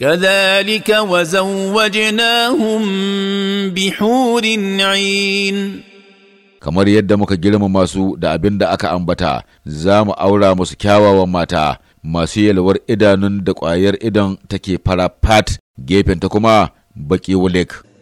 كذلك وزوجناهم بحور عين kamar yadda muka girma masu da abin da aka ambata za mu aura musu kyawawan mata masu yalwar idanun da ƙwayar idan take fara fat gefen ta kuma baki wulik.